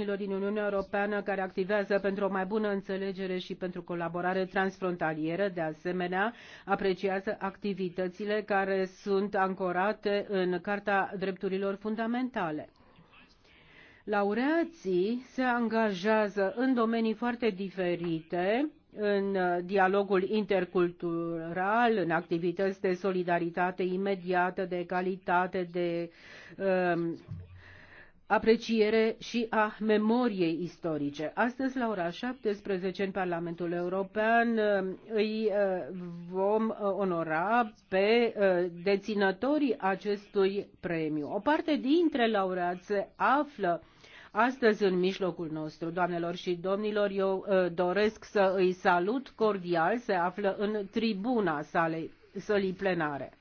cetățenilor din Uniunea Europeană care activează pentru o mai bună înțelegere și pentru colaborare transfrontalieră. De asemenea, apreciază activitățile care sunt ancorate în Carta Drepturilor Fundamentale. Laureații se angajează în domenii foarte diferite, în dialogul intercultural, în activități de solidaritate imediată, de egalitate, de um, apreciere și a memoriei istorice. Astăzi, la ora 17, în Parlamentul European, îi uh, vom uh, onora pe uh, deținătorii acestui premiu. O parte dintre laureați se află astăzi în mijlocul nostru. Doamnelor și domnilor, eu doresc să îi salut cordial, se află în tribuna salei, sălii plenare.